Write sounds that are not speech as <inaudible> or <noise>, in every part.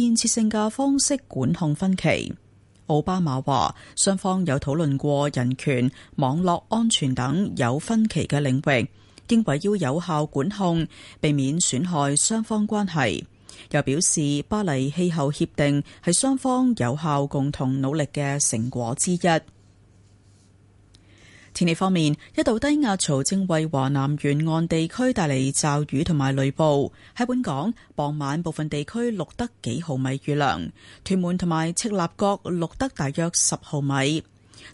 建設性嘅方式管控分歧。奧巴馬話，雙方有討論過人權、網絡安全等有分歧嘅領域，認為要有效管控，避免損害雙方關係。又表示，巴黎氣候協定係雙方有效共同努力嘅成果之一。天氣方面，一道低壓槽正為華南沿岸地區帶嚟驟雨同埋雷暴。喺本港傍晚，部分地區錄得幾毫米雨量，屯門同埋赤鱲角錄得大約十毫米。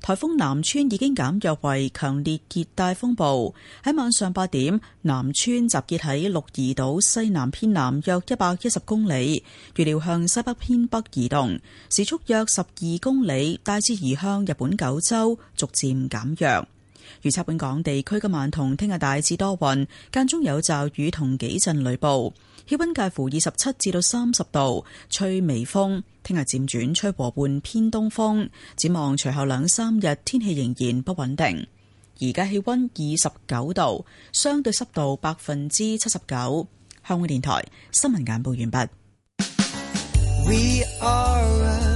颱風南川已經減弱為強烈熱帶風暴，喺晚上八點，南川集結喺鹿兒島西南偏南約一百一十公里，預料向西北偏北移動，時速約十二公里，大致移向日本九州，逐漸減弱。預測本港地區今晚同聽日大致多雲，間中有驟雨同幾陣雷暴，氣温介乎二十七至到三十度，吹微風。聽日漸轉吹和緩偏東風，展望隨後兩三日天氣仍然不穩定。而家氣温二十九度，相對濕度百分之七十九。香港電台新聞簡報完畢。We are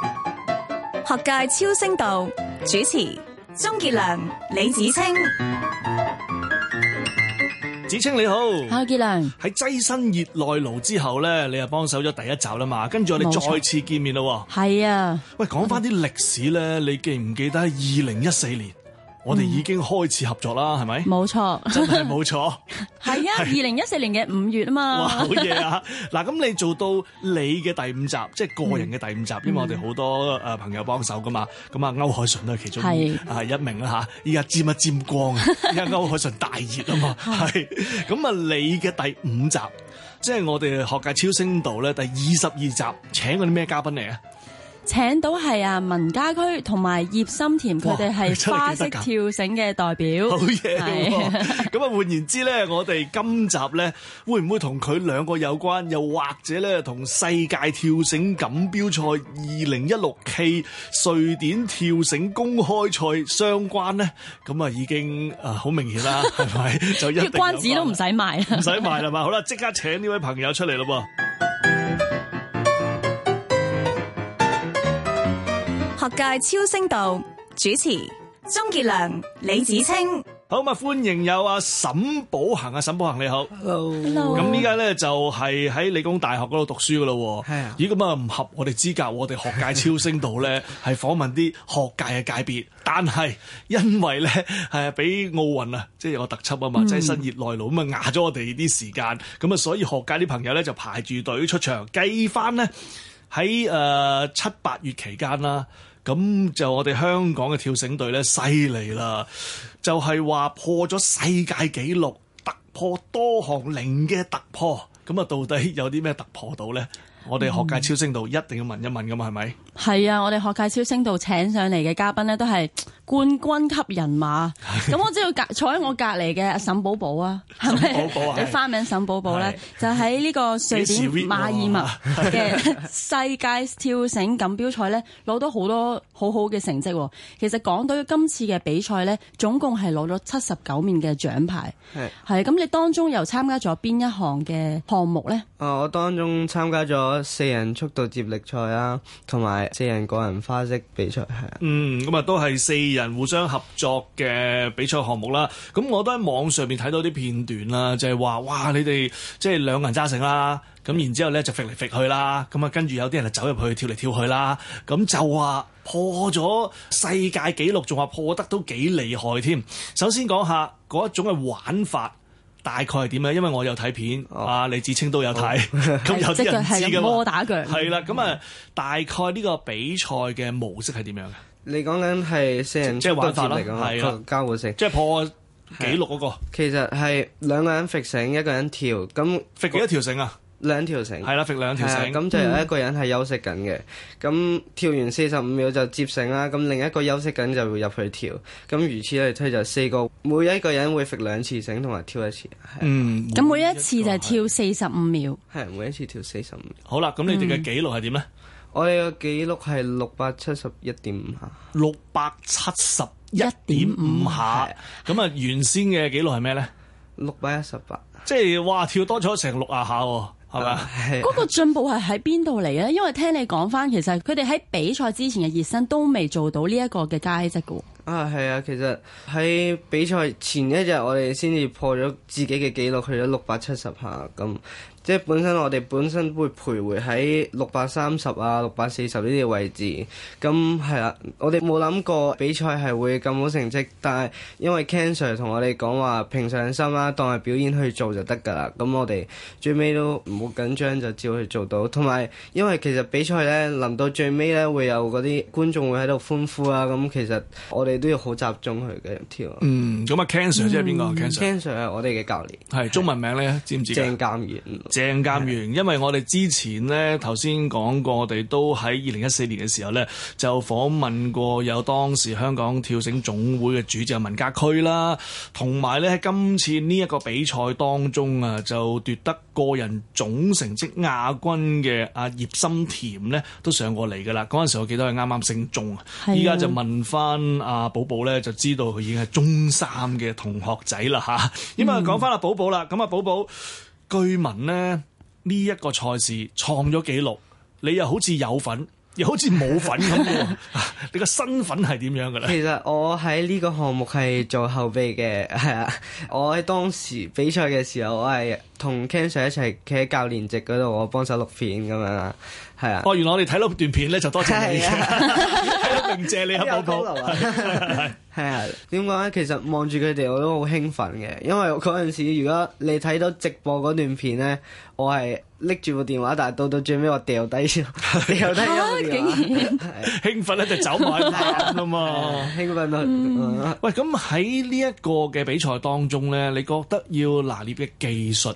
學界超聲道主持鍾傑良、李芷菁，芷菁你好，夏傑良喺躋身熱內盧之後咧，你又幫手咗第一集啦嘛，跟住我哋再次見面咯，係啊錯，喂，講翻啲歷史咧，你記唔記得二零一四年？我哋已經開始合作啦，係咪？冇錯，真係冇錯，係 <laughs> 啊！二零一四年嘅五月啊嘛，好 <laughs> 嘢啊！嗱，咁你做到你嘅第五集，即係個人嘅第五集，嗯、因為我哋好多誒朋友幫手噶嘛，咁啊、嗯，歐海純都係其中係一名啦嚇。依家沾一沾光，依家 <laughs> 歐海純大熱啊嘛，係咁啊，你嘅第五集，即係我哋學界超聲道咧，第二十二集請嗰啲咩嘉賓嚟啊？請到係啊，文家驅同埋葉心甜，佢哋係花式跳繩嘅代表。好嘢！咁啊，是 <laughs> 換言之咧，我哋今集咧會唔會同佢兩個有關？又或者咧，同世界跳繩錦標賽二零一六暨瑞典跳繩公開賽相關咧？咁啊已經啊好明顯啦，係咪？ <laughs> 就一啲 <laughs> 關子都唔使賣，唔 <laughs> 使賣係嘛？好啦，即刻請呢位朋友出嚟咯噃！學界超聲道主持鍾傑良、李芷菁，好嘛？歡迎有阿沈保衡。阿沈保衡，你好。Hello，h e l l o 咁依家咧就係喺理工大學嗰度讀書噶咯。係啊 Hello.，咦咁啊唔合我哋資格，我哋學界超聲道咧係 <laughs> 訪問啲學界嘅界別，但係因為咧係俾奧運啊，即係有個特輯啊嘛，mm. 即係新熱內勞咁啊，壓咗我哋啲時間，咁啊所以學界啲朋友咧就排住隊出場，計翻咧喺誒七八月期間啦。咁就我哋香港嘅跳繩隊咧，犀利啦！就係話破咗世界紀錄，突破多項零嘅突破。咁啊，到底有啲咩突破到咧？我哋學界超聲道一定要問一問，嘛、嗯，係咪？係啊，我哋學界超聲道請上嚟嘅嘉賓呢，都係冠軍級人馬。咁、 <laughs> 啊、我知道隔坐喺我隔籬嘅沈寶寶啊，係咪？ <laughs> 寶寶啊！你花名沈寶寶咧，是就喺呢個瑞典馬爾默嘅世界跳繩錦標賽咧，攞到好多好好嘅成績，啊。其實講到今次嘅比賽咧，總共係攞咗七十九面嘅獎牌。係係咁，啊、你當中又參加咗邊一行嘅項目咧？啊，我當中參加咗四人速度接力賽啊，同埋。四人個人花式比賽係，嗯，咁啊都係四人互相合作嘅比賽項目啦。咁我都喺網上邊睇到啲片段啦，就係話，哇，你哋即係兩個人揸繩啦，咁然之後咧就揈嚟揈去啦，咁啊跟住有啲人就走入去跳嚟跳去啦，咁就話破咗世界紀錄，仲話破得都幾厲害添。首先講下嗰一種嘅玩法。大概係點樣？因為我有睇片，阿、oh. 啊、李芷菁都有睇，咁、oh. 有隻腳係摩打腳？係啦。 <laughs> 咁啊，大概呢個比賽嘅模式係點樣嘅？你講緊係四人即係玩法嚟㗎嘛？交互性即係破紀錄嗰、那個、嗯。其實係兩個人揈繩，一個人跳，咁揈幾多條繩啊？兩條繩係啦，兩條繩，咁就有一個人係休息緊嘅。咁跳完四十五秒就接繩啦。咁另一個休息緊就入去跳。咁如此類推，就四個，每一個人會揈兩次繩同埋跳一次。嗯，咁每一次就係跳四十五秒。係每一次跳四十五秒。好啦，咁你哋嘅紀錄係點呢？我哋嘅紀錄係六百七十一點五下。六百七十一點五下，咁啊，原先嘅紀錄係咩呢？六百一十八。即係哇，跳多咗成六下下喎！係嘛？嗰個進步係喺邊度嚟呢？因為聽你講翻，其實佢哋喺比賽之前嘅熱身都未做到呢一個嘅佳績嘅。啊，係啊，其實喺比賽前一日，我哋先至破咗自己嘅紀錄，去咗六百七十下咁。即係本身我哋本身會徘徊喺六百三十啊、六百四十呢啲位置，咁係啦，我哋冇諗過比賽係會咁好成績，但係因為 Can Sir 同我哋講，話平常心啦，當係表演去做就得噶啦。咁我哋最尾都唔好緊張就照去做到。同埋因為其實比賽咧臨到最尾咧會有嗰啲觀眾會喺度歡呼啊，咁其實我哋都要好集中佢嘅跳。嗯，咁啊，Can Sir 即係邊個？Can Sir 係我哋嘅教練，係中文名咧，知唔知？鄭鑑遠。鄭鑑員，因為我哋之前呢，頭先講過，我哋都喺二零一四年嘅時候呢，就訪問過有當時香港跳繩總會嘅主席文家駒啦，同埋呢，喺今次呢一個比賽當中啊，就奪得個人總成績亞軍嘅阿葉心恬呢，都上過嚟噶啦。嗰陣時我記得係啱啱升中，依家就問翻阿寶寶呢，就知道佢已經係中三嘅同學仔啦吓。咁啊，講翻阿寶寶啦，咁啊，寶寶。據聞呢一個賽事創咗紀錄，你又好似有份，又好似冇份咁喎。 <laughs> 你個身份係點樣嘅咧？其實我喺呢個項目係做後備嘅，係啊，我喺當時比賽嘅時候，我係。同 Ken Sir 一齊企喺教練席嗰度，我幫手錄片咁樣，係啊。哦，原來我哋睇到段片咧就多謝，謝你，一定、啊、 <laughs> 謝你啊！有交流啊。係啊，點講咧？其實望住佢哋我都好興奮嘅，因為嗰陣時如果你睇到直播嗰段片咧，我係拎住部電話，但係到到最尾我掉低，掉低咗。竟然興奮咧就走唔喺度啊嘛！興奮、 <laughs> 嗯、喂，咁喺呢一個嘅比賽當中咧，你覺得要拿捏嘅技術？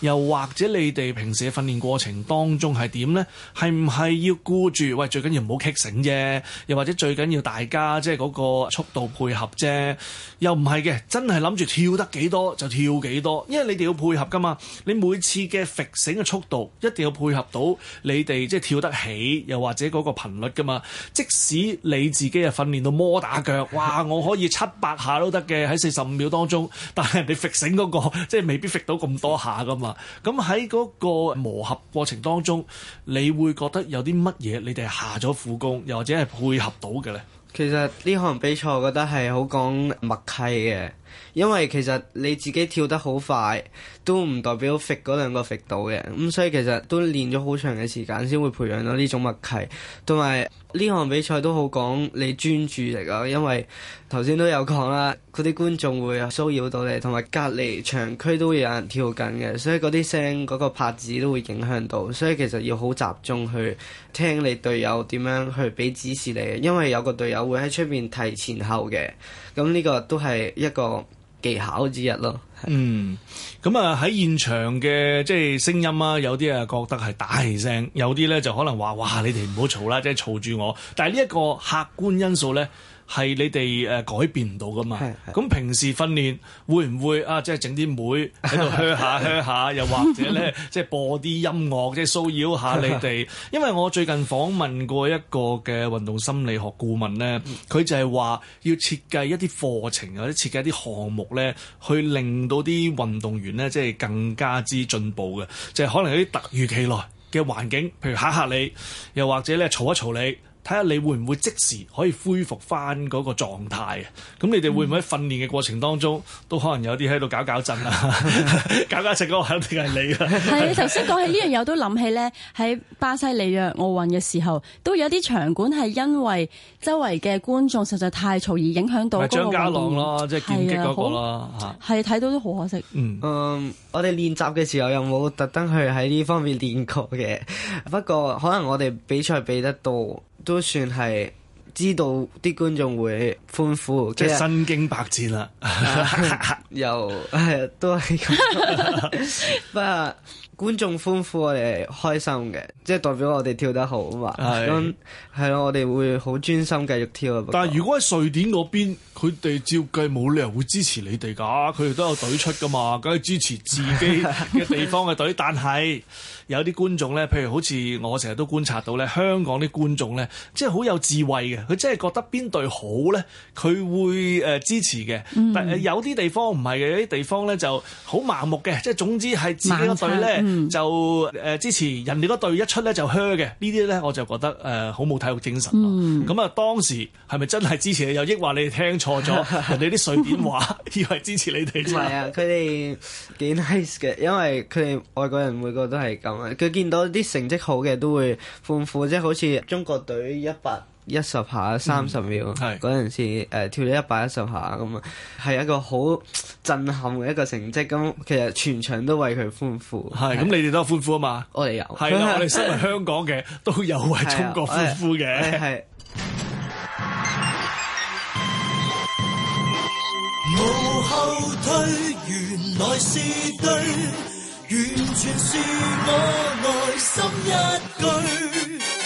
又或者你哋平時嘅訓練過程當中係點呢？係唔係要顧住喂，最緊要唔好 k 繩啫？又或者最緊要大家即係嗰個速度配合啫？又唔係嘅，真係諗住跳得幾多就跳幾多，因為你哋要配合噶嘛。你每次嘅 k 繩嘅速度一定要配合到你哋即係跳得起，又或者嗰個頻率噶嘛。即使你自己啊訓練到摩打腳，哇，我可以七八下都得嘅喺四十五秒當中，但係人哋 k 繩嗰個即係未必 k 到咁多。下噶嘛？咁喺嗰個磨合過程當中，你會覺得有啲乜嘢？你哋係下咗苦功，又或者係配合到嘅咧？其實呢項比賽，我覺得係好講默契嘅。因為其實你自己跳得好快，都唔代表揈嗰兩個揈到嘅，咁、嗯、所以其實都練咗好長嘅時間先會培養到呢種默契，同埋呢項比賽都好講你專注力啊，因為頭先都有講啦，嗰啲觀眾會騷擾到你，同埋隔離場區都會有人跳緊嘅，所以嗰啲聲嗰個拍子都會影響到，所以其實要好集中去聽你隊友點樣去俾指示你，因為有個隊友會喺出邊提前後嘅，咁、嗯、呢、呢個都係一個。技巧之一咯，嗯，咁啊喺現場嘅，即係聲音啊，有啲啊覺得係打氣聲，有啲咧就可能話：「哇，你哋唔好嘈啦，即係嘈住我。」但係呢一個客觀因素咧。係你哋誒改變唔到噶嘛？咁是是 平時訓練會唔會啊？即係整啲妹喺度噏下噏下， <laughs> 又或者咧，即係播啲音樂，即係騷擾下你哋。 <laughs> 因為我最近訪問過一個嘅運動心理學顧問咧，佢就係話要設計一啲課程或者設計一啲項目咧，去令到啲運動員咧即係更加之進步嘅，就係可能有啲突如其來嘅環境，譬如嚇嚇你，又或者咧嘈一嘈你。睇下你會唔會即時可以恢復翻嗰個狀態啊？咁你哋會唔會喺訓練嘅過程當中、嗯、都可能有啲喺度搞搞震啊、 <laughs> <laughs> 搞搞震嗰個肯定係你啦。係你頭先講起呢樣嘢我都諗起咧，喺巴西里約奧運嘅時候，都有一啲場館係因為周圍嘅觀眾實在太嘈而影響到。張家朗咯，即係劍擊嗰個咯，嚇係睇到都好可惜。嗯，um, 我哋練習嘅時候又冇特登去喺呢方面練過嘅，不過可能我哋比賽比得多。都算係知道啲觀眾會歡呼，即係身經百戰啦。又 <laughs> 係、啊啊、都係咁，不過。觀眾歡呼，我哋開心嘅，即係代表我哋跳得好啊嘛。咁係咯，我哋會好專心繼續跳。但係如果喺瑞典嗰邊，佢哋照計冇理由會支持你哋噶，佢哋都有隊出噶嘛，梗係支持自己嘅地方嘅隊。 <laughs> 但係有啲觀眾咧，譬如好似我成日都觀察到咧，香港啲觀眾咧，即係好有智慧嘅，佢真係覺得邊隊好咧，佢會誒支持嘅。嗯、但係有啲地方唔係嘅，有啲地方咧就好盲目嘅，即係總之係自己嘅隊咧。嗯就誒、呃、支持人哋嗰隊一出咧就噓嘅，呢啲咧我就覺得誒好冇體育精神。咁啊，嗯、當時係咪真係支持你？又抑話你哋聽錯咗人哋啲隨便話，以為支持你哋？唔係啊，佢哋幾 nice 嘅，因為佢哋外國人每個人都係咁啊。佢見到啲成績好嘅都會歡呼，即係好似中國隊一百一十下三十秒，嗰陣、嗯、時誒、呃、跳咗一百一十下咁啊，係一個好震撼嘅一個成績。咁其實全場都為佢歡呼，係咁是是你哋都歡呼啊嘛，是是我哋有，係啦、啊， <laughs> 我哋身為香港嘅都有為中國是、啊、歡呼嘅。係。無後退，原來是對，完全是我內心一句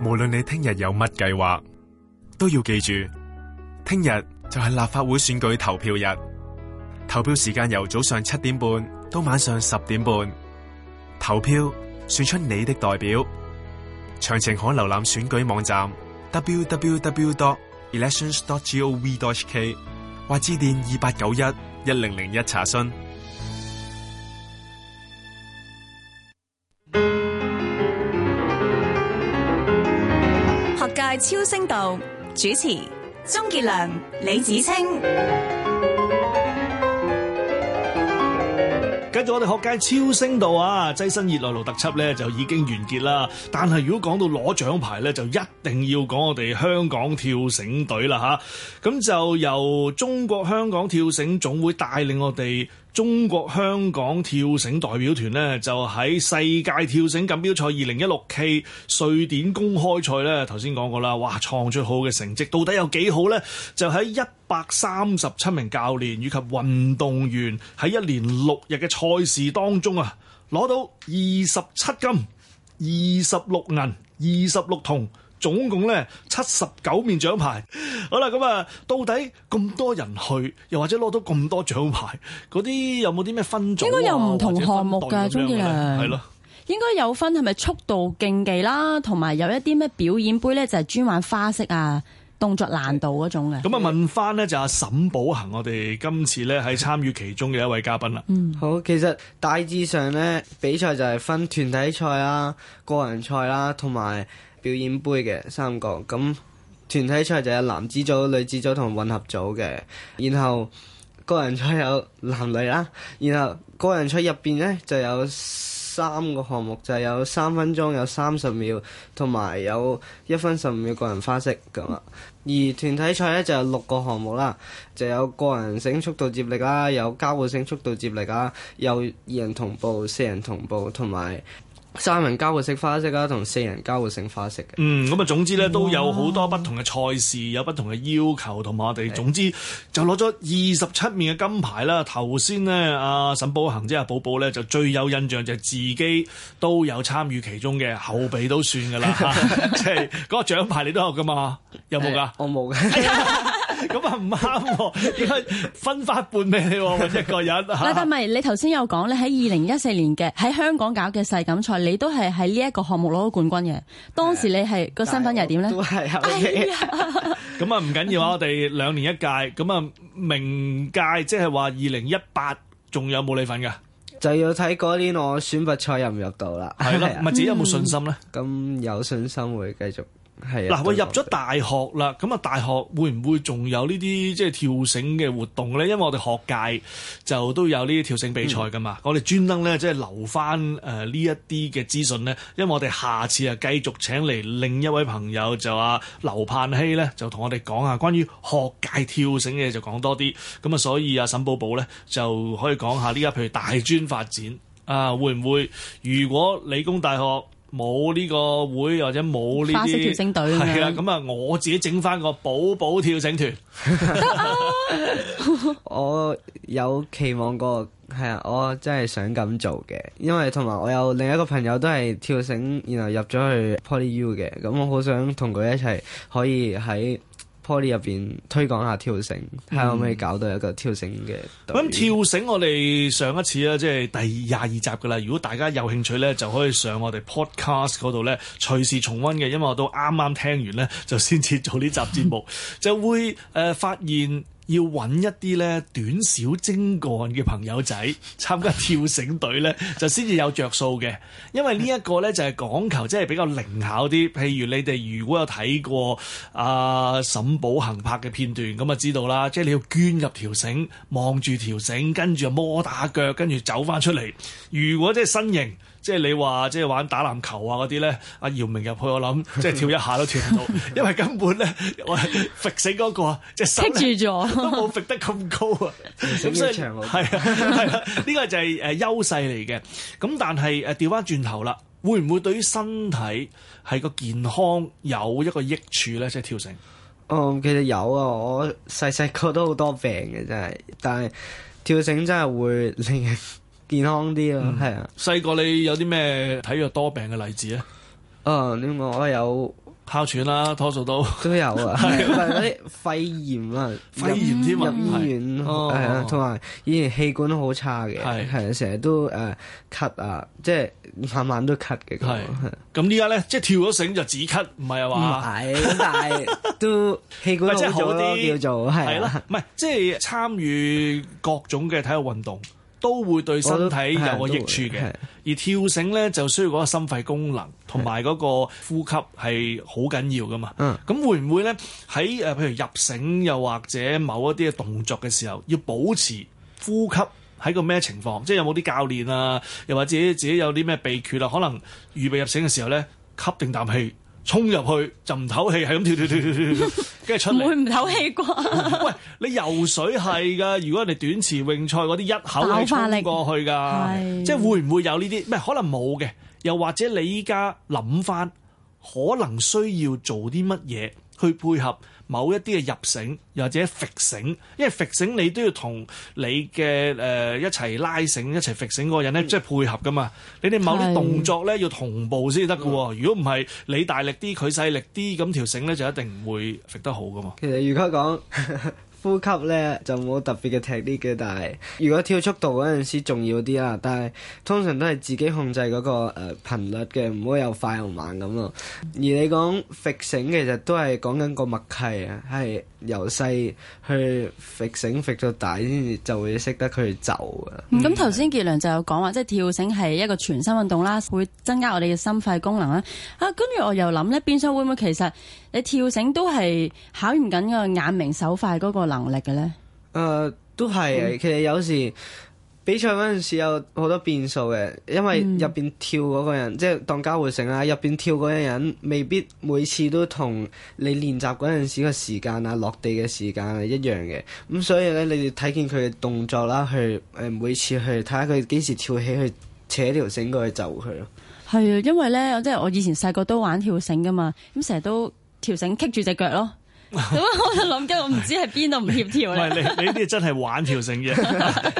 無論你聽日有乜計劃，都要記住，聽日就係立法會選舉投票日。投票時間由早上七點半到晚上十點半。投票選出你的代表。詳情可瀏覽選舉網站 www.elections.gov.hk，或致電二八九一一零零一查詢。超聲道主持鍾傑良、李芷菁，跟住我哋學界超聲道啊，躋身熱內盧特輯咧就已經完結啦。但係如果講到攞獎牌咧，就一定要講我哋香港跳繩隊啦吓。咁、啊、就由中國香港跳繩總會帶領我哋。中國香港跳繩代表團呢，就喺世界跳繩錦標賽二零一六 K 瑞典公開賽呢，頭先講過啦，哇，創出好嘅成績，到底有幾好呢？就喺一百三十七名教練以及運動員喺一連六日嘅賽事當中啊，攞到二十七金、二十六銀、二十六銅。總共咧七十九面獎牌，好啦，咁啊，到底咁多人去，又或者攞到咁多獎牌，嗰啲有冇啲咩分組應該有唔同項目咁樣咧？係咯，應該有分，係咪速度競技啦，同埋有一啲咩表演杯咧，就係專玩花式啊，動作難度嗰種嘅。咁啊、嗯，問翻咧就阿沈保衡，我哋今次咧係參與其中嘅一位嘉賓啦。嗯，好，其實大致上咧比賽就係分團體賽啊、個人賽啦，同埋，表演杯嘅三個咁團體賽就有男子組、女子組同混合組嘅，然後個人賽有男女啦，然後個人賽入邊呢，就有三個項目，就有三分鐘、有三十秒同埋有一分十五秒個人花式咁啊。而團體賽呢，就有六個項目啦，就有個人性速度接力啦，有交互性速度接力啦，有二人同步、四人同步同埋。三人交互式花式啊，同四人交互式花式嘅。嗯，咁啊，總之咧都有好多不同嘅賽事，哇有不同嘅要求，同埋我哋總之、哎、就攞咗二十七面嘅金牌啦。頭先咧，阿、啊、沈保衡即係阿寶寶咧，就最有印象就係自己都有參與其中嘅，後備都算噶啦，即係嗰個獎牌你都有噶嘛？有冇噶、哎？我冇嘅。 <laughs> <laughs> 咁 <laughs> 啊唔啱喎，而家分翻半畀你喎？一個人嗱 <laughs> 但係你頭先有講你喺二零一四年嘅喺香港搞嘅世錦賽，你都係喺呢一個項目攞到冠軍嘅。當時你係個身份又係點咧？都係後生。咁啊唔緊要啊，我哋兩年一屆，咁啊明屆即係話二零一八仲有冇你份㗎？就要睇嗰年我選拔賽入唔入到啦。係啦，咪自己有冇信心咧？咁、嗯、有信心會繼續。嗱，我入咗大學啦，咁啊大學會唔會仲有呢啲即係跳繩嘅活動咧？因為我哋學界就都有呢啲跳繩比賽噶嘛，嗯、我哋專登咧即係留翻誒呢一啲嘅資訊咧，因為我哋下次啊繼續請嚟另一位朋友就阿劉盼希咧，就同我哋講下關於學界跳繩嘅嘢就講多啲，咁啊所以啊，沈寶寶咧就可以講下呢家譬如大專發展啊會唔會如果理工大學？冇呢個會或者冇呢個花式跳繩隊，係啊，咁啊，我自己整翻個寶寶跳繩團。我有期望過，係啊，我真係想咁做嘅，因為同埋我有另一個朋友都係跳繩，然後入咗去 Poly U 嘅，咁我好想同佢一齊可以喺。p o 入邊推廣下跳繩，睇下可唔可以搞到一個跳繩嘅？咁、嗯、跳繩我哋上一次咧，即係第廿二集㗎喇。如果大家有興趣咧，就可以上我哋 podcast 嗰度咧，隨時重温嘅。因為我都啱啱聽完咧，就先至做呢集節目， <laughs> 就會誒、呃、發現。要揾一啲咧，短小精幹嘅朋友仔參加跳繩隊咧， <laughs> 就先至有着數嘅，因為呢一個咧就係、是、講求即係比較靈巧啲。譬如你哋如果有睇過阿、呃、沈保衡拍嘅片段，咁啊知道啦，即、就、係、是、你要捐入條繩，望住條繩，跟住啊摩打腳，跟住走返出嚟。如果即係身形。即係你話即係玩打籃球啊嗰啲咧，阿姚明入去，我諗即係跳一下都跳唔到，因為根本咧我係揈死嗰個啊，即係住咗，都冇揈得咁高啊。咁、 <laughs> 啊 <laughs> 嗯、所以係啊係啊，呢個就係誒優勢嚟嘅。咁 <laughs> <laughs> 但係誒調翻轉頭啦，會唔會對於身體係個健康有一個益處咧？即係跳繩。哦、嗯，其實有啊，我細細個都好多病嘅，真係。但係跳繩真係會令 <laughs> 健康啲咯，係啊！細個你有啲咩體弱多病嘅例子啊？誒，你我有哮喘啦，多數都都有啊，係嗰啲肺炎啊，肺炎添，入醫院，係啊，同埋以前氣管都好差嘅，係係成日都誒咳啊，即係晚晚都咳嘅，係係。咁而家咧，即係跳咗繩就止咳，唔係啊嘛？唔係，但係都氣管都好咯，叫做係咯，唔係即係參與各種嘅體育運動。都會對身體有個益處嘅，而跳繩呢，就需要嗰個心肺功能同埋嗰個呼吸係好緊要㗎嘛。咁的、嗯、會唔會呢？喺誒譬如入繩又或者某一啲嘅動作嘅時候，要保持呼吸喺個咩情況？即係有冇啲教練啊，又或者自己，自己有啲咩秘訣啊？可能預備入繩嘅時候呢，吸定啖氣。衝入去就唔唞氣，係咁跳跳跳跳跳，跟住出唔 <laughs> 會唔唞氣啩？ <laughs> 喂，你游水係噶，如果你短池泳賽嗰啲一口氣衝過去噶，即係會唔會有呢啲？唔可能冇嘅，又或者你依家諗翻，可能需要做啲乜嘢去配合？某一啲嘅入繩又或者揈繩，因為揈繩你都要同你嘅誒、呃、一齊拉繩一齊揈繩個人咧，即係、嗯、配合噶嘛。你哋某啲動作咧、嗯、要同步先得噶喎。如果唔係你大力啲佢細力啲，咁條繩咧就一定唔會揈得好噶嘛。其實預期講。 <laughs> 呼吸呢就冇特別嘅踢啲嘅，但係如果跳速度嗰陣時重要啲啦。但係通常都係自己控制嗰個誒頻率嘅，唔好又快又慢咁咯。而你講甩繩其實都係講緊個默契啊，係由細去甩繩甩到大先至就會識得佢走啊。咁頭先傑良就有講話，即係跳繩係一個全身運動啦，會增加我哋嘅心肺功能啦。啊，跟住我又諗呢，變相會唔會其實你跳繩都係考驗緊個眼明手快嗰個？能力嘅咧，誒、呃，都係，嗯、其實有時比賽嗰陣時有好多變數嘅，因為入邊跳嗰個人，嗯、即係當交互繩啊，入邊跳嗰個人未必每次都同你練習嗰陣時嘅時間啊、落地嘅時間係一樣嘅，咁所以咧，你哋睇見佢嘅動作啦，去誒，每次去睇下佢幾時跳起去扯條繩過去就佢咯。係啊，因為咧，即係我以前細個都玩跳繩噶嘛，咁成日都跳繩棘住隻腳咯。咁 <laughs> 我就諗緊，我唔知係邊度唔協調咧。唔係， <laughs> 你你呢啲真係玩跳繩嘅，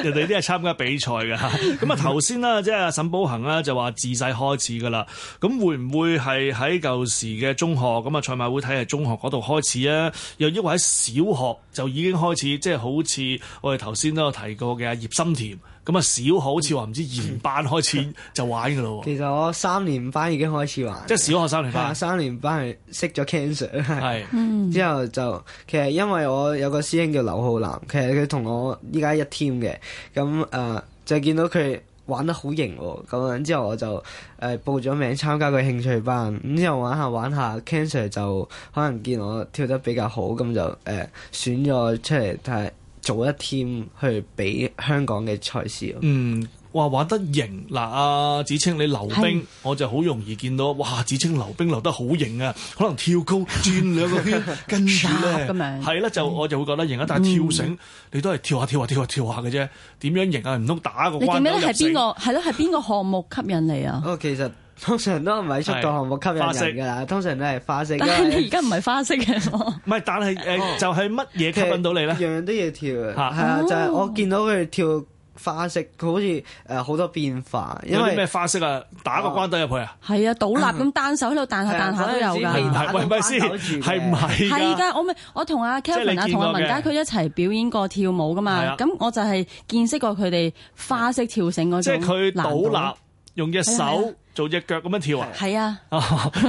人哋啲係參加比賽嘅。咁 <laughs> 啊，頭先啦，即係阿沈保衡啦，就話自細開始噶啦。咁會唔會係喺舊時嘅中學？咁啊，賽馬會體藝中學嗰度開始啊？又抑或喺小學就已經開始？即係好似我哋頭先都有提過嘅葉心田。咁啊，小學好似話唔知二年班開始就玩噶咯喎。 <laughs> 其實我三年班已經開始玩。即係小學三年班。係啊，三年班係識咗 Cancer 是。係。 <laughs> 之後就其實因為我有個師兄叫劉浩南，其實佢同我依家一 team 嘅，咁誒、呃、就見到佢玩得好型喎，咁樣之後我就誒、呃、報咗名參加佢興趣班，咁之後玩下玩下，Cancer 就可能見我跳得比較好，咁就誒、呃、選咗出嚟，但做一 team 去比香港嘅賽事，嗯，哇，玩得型嗱！阿、啊、芷菁你溜冰，是我就好容易見到，哇！芷菁溜冰溜得好型啊，可能跳高、轉兩個圈、 <laughs> 跟住咧，係啦，就我就會覺得型、嗯、啊。但係跳繩，你都係跳下跳下跳下跳下嘅啫。點樣型啊？唔通打個你？你點咧？係邊個？係咯？係邊個項目吸引你啊？不過 <laughs> 哦，其實。通常都唔係出個項目吸引人嘅啦，通常都係花式。但係你而家唔係花式嘅。唔係，但係誒，就係乜嘢吸引到你咧？樣樣都要跳，係啊，就係我見到佢哋跳花式，佢好似誒好多變化。有啲咩花式啊？打個關斗入去啊？係啊，倒立咁單手喺度彈下彈下都有噶。喂，唔係先，係唔係？係噶，我咪我同阿 Kevin 啊同阿文佳佢一齊表演過跳舞噶嘛？咁我就係見識過佢哋花式跳繩嗰種。即係佢倒立。用隻手、哎、呀做隻腳咁樣跳啊？係啊，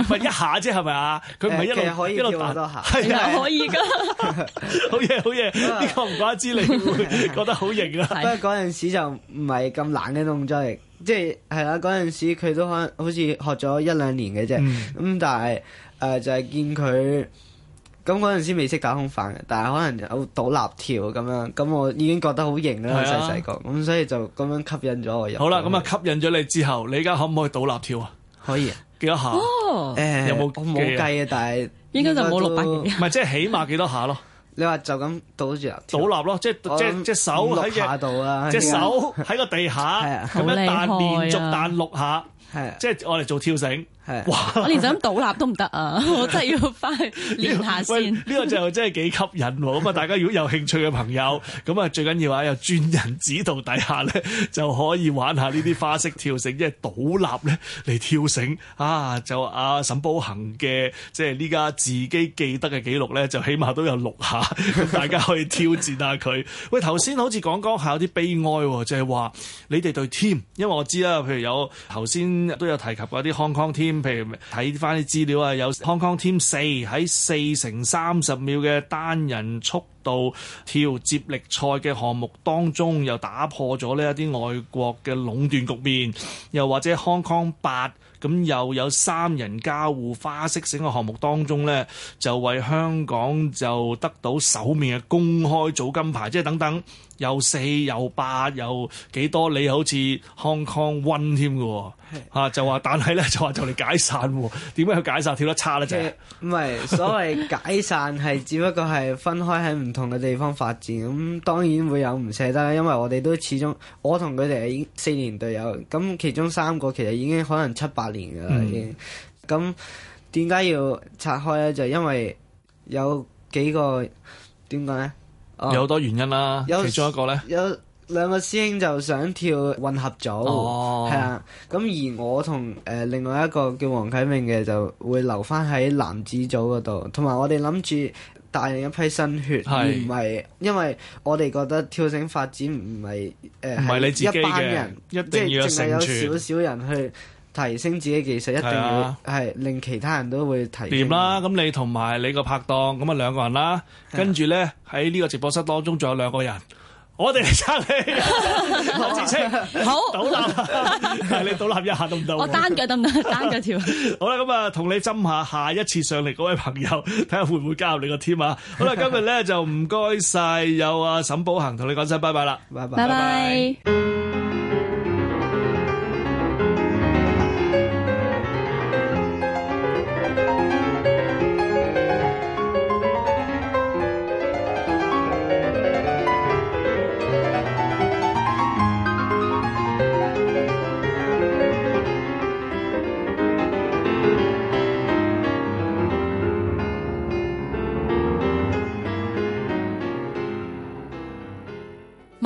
咪一下啫，係咪啊？佢唔係一路一路下，係啊，可以㗎， <laughs> <laughs> 好嘢好嘢，呢、嗯、個唔怪之你 <laughs> 會覺得好型啦。啊啊、 <laughs> 不過嗰陣時就唔係咁難嘅動作嚟，即係係啦。嗰陣、啊、時佢都可能好似學咗一兩年嘅啫，咁、嗯、但係誒、呃、就係、是、見佢。咁嗰陣時未識搞空翻嘅，但係可能有倒立跳咁樣，咁我已經覺得好型啦，細細個，咁所以就咁樣吸引咗我入。好啦，咁啊吸引咗你之後，你而家可唔可以倒立跳啊？可以幾多下？哦，有冇？我冇計啊，但係應該就冇六百幾。唔係，即係起碼幾多下咯？你話就咁倒住跳？倒立咯，即係即係隻手喺地下度啊，隻手喺個地下，咁樣彈連續彈六下，即係我哋做跳繩。係，啊、我連想噉倒立都唔得啊！ <laughs> 我真係要翻去練下喂先。呢、這個就真係幾吸引，咁啊！大家如果有興趣嘅朋友，咁啊 <laughs> 最緊要啊有專人指導底下咧，就可以玩下呢啲花式跳繩，即係倒立咧嚟跳繩。啊，就阿、啊、沈波恒嘅，即係呢家自己記得嘅紀錄咧，就起碼都有六下，大家可以挑戰下佢。 <laughs> 喂，頭先好似講講下有啲悲哀，就係、是、話你哋對 team 因為我知啦，譬如有頭先都有提及嗰啲 Hong Kong team 譬如睇翻啲資料啊，有 Hong Kong Team 四喺四乘三十秒嘅單人速度跳接力賽嘅項目當中，又打破咗呢一啲外國嘅壟斷局面；又或者 Hong Kong 八咁，又有三人交互花式整個項目當中呢，就為香港就得到首面嘅公開組金牌，即係等等。有四、有八、有幾多？你好似 Hong Kong One 添㗎喎，就話，但係呢，就話就嚟解散，點解要解散跳得差咧？即係唔係所謂解散係只不過係分開喺唔同嘅地方發展，咁當然會有唔捨得，因為我哋都始終我同佢哋係四年隊友，咁其中三個其實已經可能七八年㗎喇，嗯、已經。咁點解要拆開呢？就因為有幾個點講呢？Oh, 有好多原因啦，其中一個咧，有兩個師兄就想跳混合組，係啊、oh.，咁而我同誒、呃、另外一個叫黃啟明嘅就會留翻喺男子組嗰度，同埋我哋諗住帶領一批新血，是而唔係因為我哋覺得跳繩發展唔係誒一班人，即係淨係有少少人去。提升自己技術，一定要係令其他人都會提點啦。咁你同埋你個拍檔，咁啊，兩個人啦。跟住咧喺呢個直播室當中仲有兩個人，我哋撐你，撐，好。倒立，你倒立一下得唔得？我單腳得唔得？單腳跳。好啦，咁啊同你斟下下一次上嚟嗰位朋友，睇下會唔會加入你個 team 啊？好啦，今日咧就唔該晒，有阿沈保衡同你講聲拜拜啦，拜拜。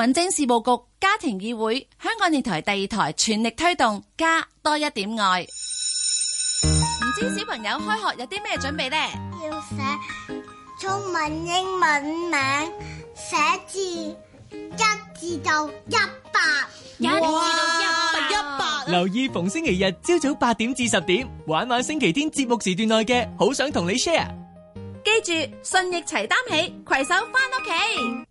民政事務局家庭議會，香港電台第二台全力推動加多一點愛。唔知小朋友開學有啲咩準備呢？要寫中文、英文名，寫字一字到一百，一字到一百一百。留意逢星期日朝早八點至十點，玩玩星期天節目時段內嘅好想同你 share。記住，信義齊擔起，攜手返屋企。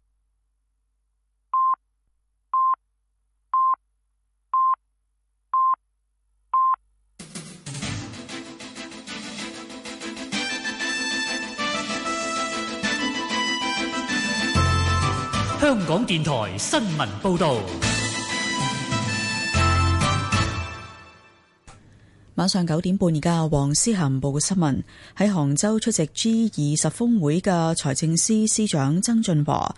香港電台新聞報道。晚上九點半，而家黃思涵報嘅新聞，喺杭州出席 G 二十峰會嘅財政司司長曾俊華，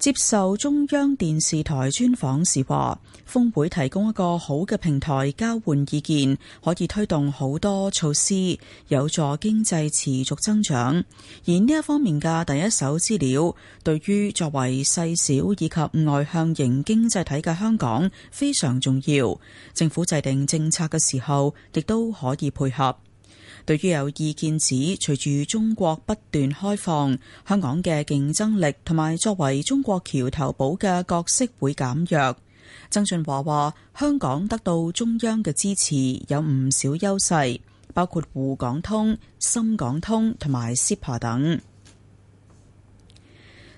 接受中央電視台專訪時話，峰會提供一個好嘅平台，交換意見可以推動好多措施，有助經濟持續增長。而呢一方面嘅第一手資料，對於作為細小以及外向型經濟體嘅香港非常重要。政府制定政策嘅時候，亦都可以配合。對於有意見指隨住中國不斷開放，香港嘅競爭力同埋作為中國橋頭堡嘅角色會減弱，曾俊華話：香港得到中央嘅支持有唔少優勢，包括滬港通、深港通同埋 SIPA 等。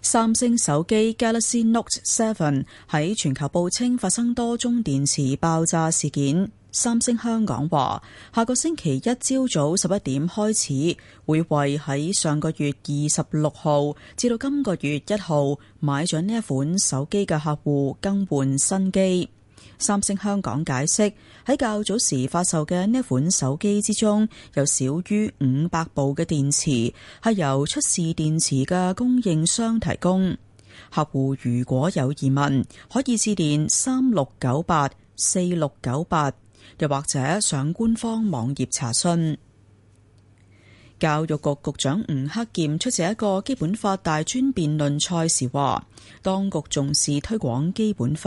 三星手機 Galaxy Note 7喺全球報稱發生多宗電池爆炸事件。三星香港話：下個星期一朝早十一點開始，會為喺上個月二十六號至到今個月一號買咗呢一款手機嘅客戶更換新機。三星香港解釋喺較早時發售嘅呢一款手機之中，有少於五百部嘅電池係由出事電池嘅供應商提供。客戶如果有疑問，可以致電三六九八、四六九八。又或者上官方網頁查詢。教育局局長吳克儉出席一個基本法大專辯論賽時話，當局重視推廣基本法。